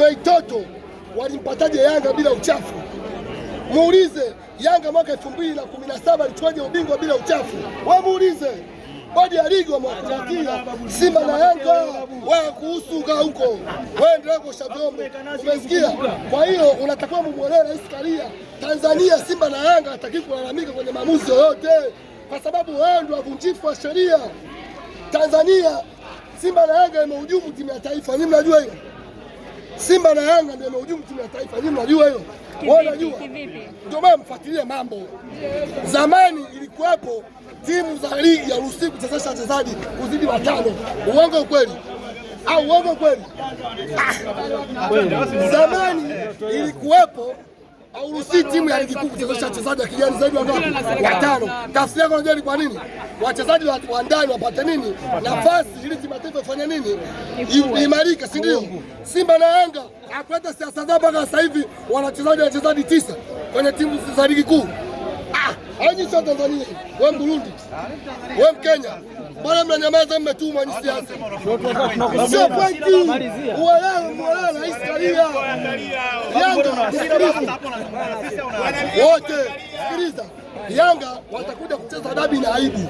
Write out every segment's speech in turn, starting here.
Fei Toto walimpataje Yanga bila uchafu? Muulize Yanga mwaka elfu mbili na kumi na saba alichuaje ubingwa bila uchafu? We muulize bodi ya ligi wamewakumbatia Simba na Yanga wakuhusu kaa huko, wewe kuosha vyombo, umesikia? Kwa hiyo unatakiwa mumwonee Rais Karia Tanzania, Simba na Yanga hataki kulalamika kwenye maamuzi yoyote, kwa sababu wao ndio wavunjifu wa sheria Tanzania. Simba na Yanga imehujumu timu ya taifa, mimi najua hiyo. Simba na Yanga ndio imehujumu timu ya taifa. Nyinyi mnajua hiyo, wao najua, ndio maana mfuatilie mambo. Zamani ilikuwepo timu za ligi ya Urusi kuchezesha wachezaji kuzidi watano. Uongo kweli? Au uongo kweli? Ah! Zamani ilikuwepo hauruhusi timu ya ligi kuu kuchezesha wachezaji wa kigeni zaidi ya ngapi? Watano. Tafsiri yako unajua ni kwa nini wachezaji wa ndani wapate nini nafasi, ili timu ya taifa ifanye nini, imarike, si ndio? Simba na Yanga akuleta siasa zao mpaka sasa hivi wanachezaji wachezaji tisa kwenye timu za ligi kuu. Ah, hao ni Tanzania, wewe Burundi, wewe Mkenya Mbona mnanyamaza? Mmetumwa ni siasa, sio pointi. Uelewe, mwelewe Rais Yanga. Sikiliza wote, sikiliza. Yanga watakuja kucheza dabi na aibu,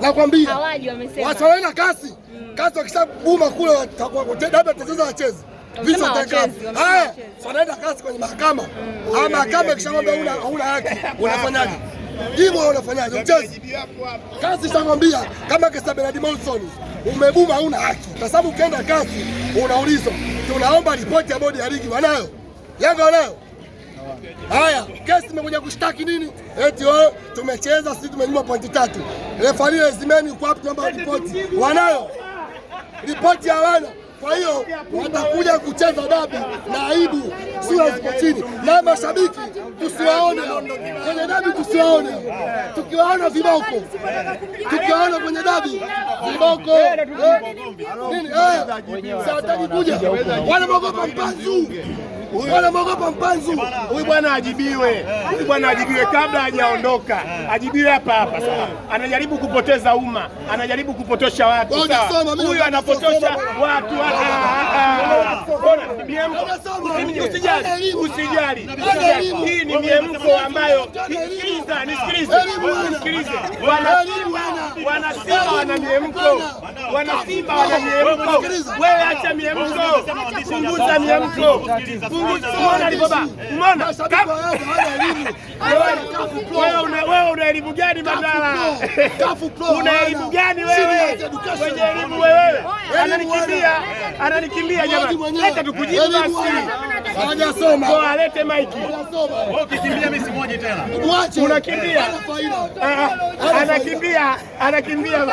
nakwambia wasawaena kasi kasi, wakishabuma kule dabi watacheza wacheze haya, wanaenda kasi kwenye mahakama. Mahakama ikishakwambia hauna haki, unafanyaje? hivyo unafanyaje mchezi kasi? shangambia kama kesa Bernard Monson umebuma, una haki, kwa sababu ukienda kasi unaulizwa. Tunaomba ripoti ya bodi ya ligi. Wanayo Yanga wanayo? Haya, kesi imekuja kushtaki nini? Eti wao tumecheza sisi tumenyuma pointi tatu. Refari lazimeni uko wapi? Tunaomba ripoti. Wanayo ripoti? Hawana. Kwa hiyo watakuja kucheza dabi na aibu sura ziko chini, na mashabiki tusiwaone kwenye dabi, tusiwaone tukiwaona viboko, tukiwaona kwenye dabi viboko eh? nini, hawataki eh? kuja, wanaogopa mpanzu Anamuogopa mpanzu huyu bwana, ajibiwe huyu bwana, ajibiwe kabla hajaondoka, ajibiwe hapa hapa. Sasa anajaribu kupoteza umma, anajaribu kupotosha watu. Huyu anapotosha watu. Ah, ah, ah, Usijali, hii ni miemko ambayo, nisikilize. Wanasimba wana miemko, wanasimba wana miemko. Wewe acha miemko, punguza miemko kupunguza. Umeona alibaba? Umeona? Wewe una elimu gani madala Una elimu gani wewe? Wenye elimu wewe. Ananikimbia, ananikimbia jamani. Leta tukujibu basi. Hawajasoma. Kwa alete maiki. Wewe ukikimbia mimi simoje tena. Unakimbia. Ah, ah. Anakimbia, anakimbia.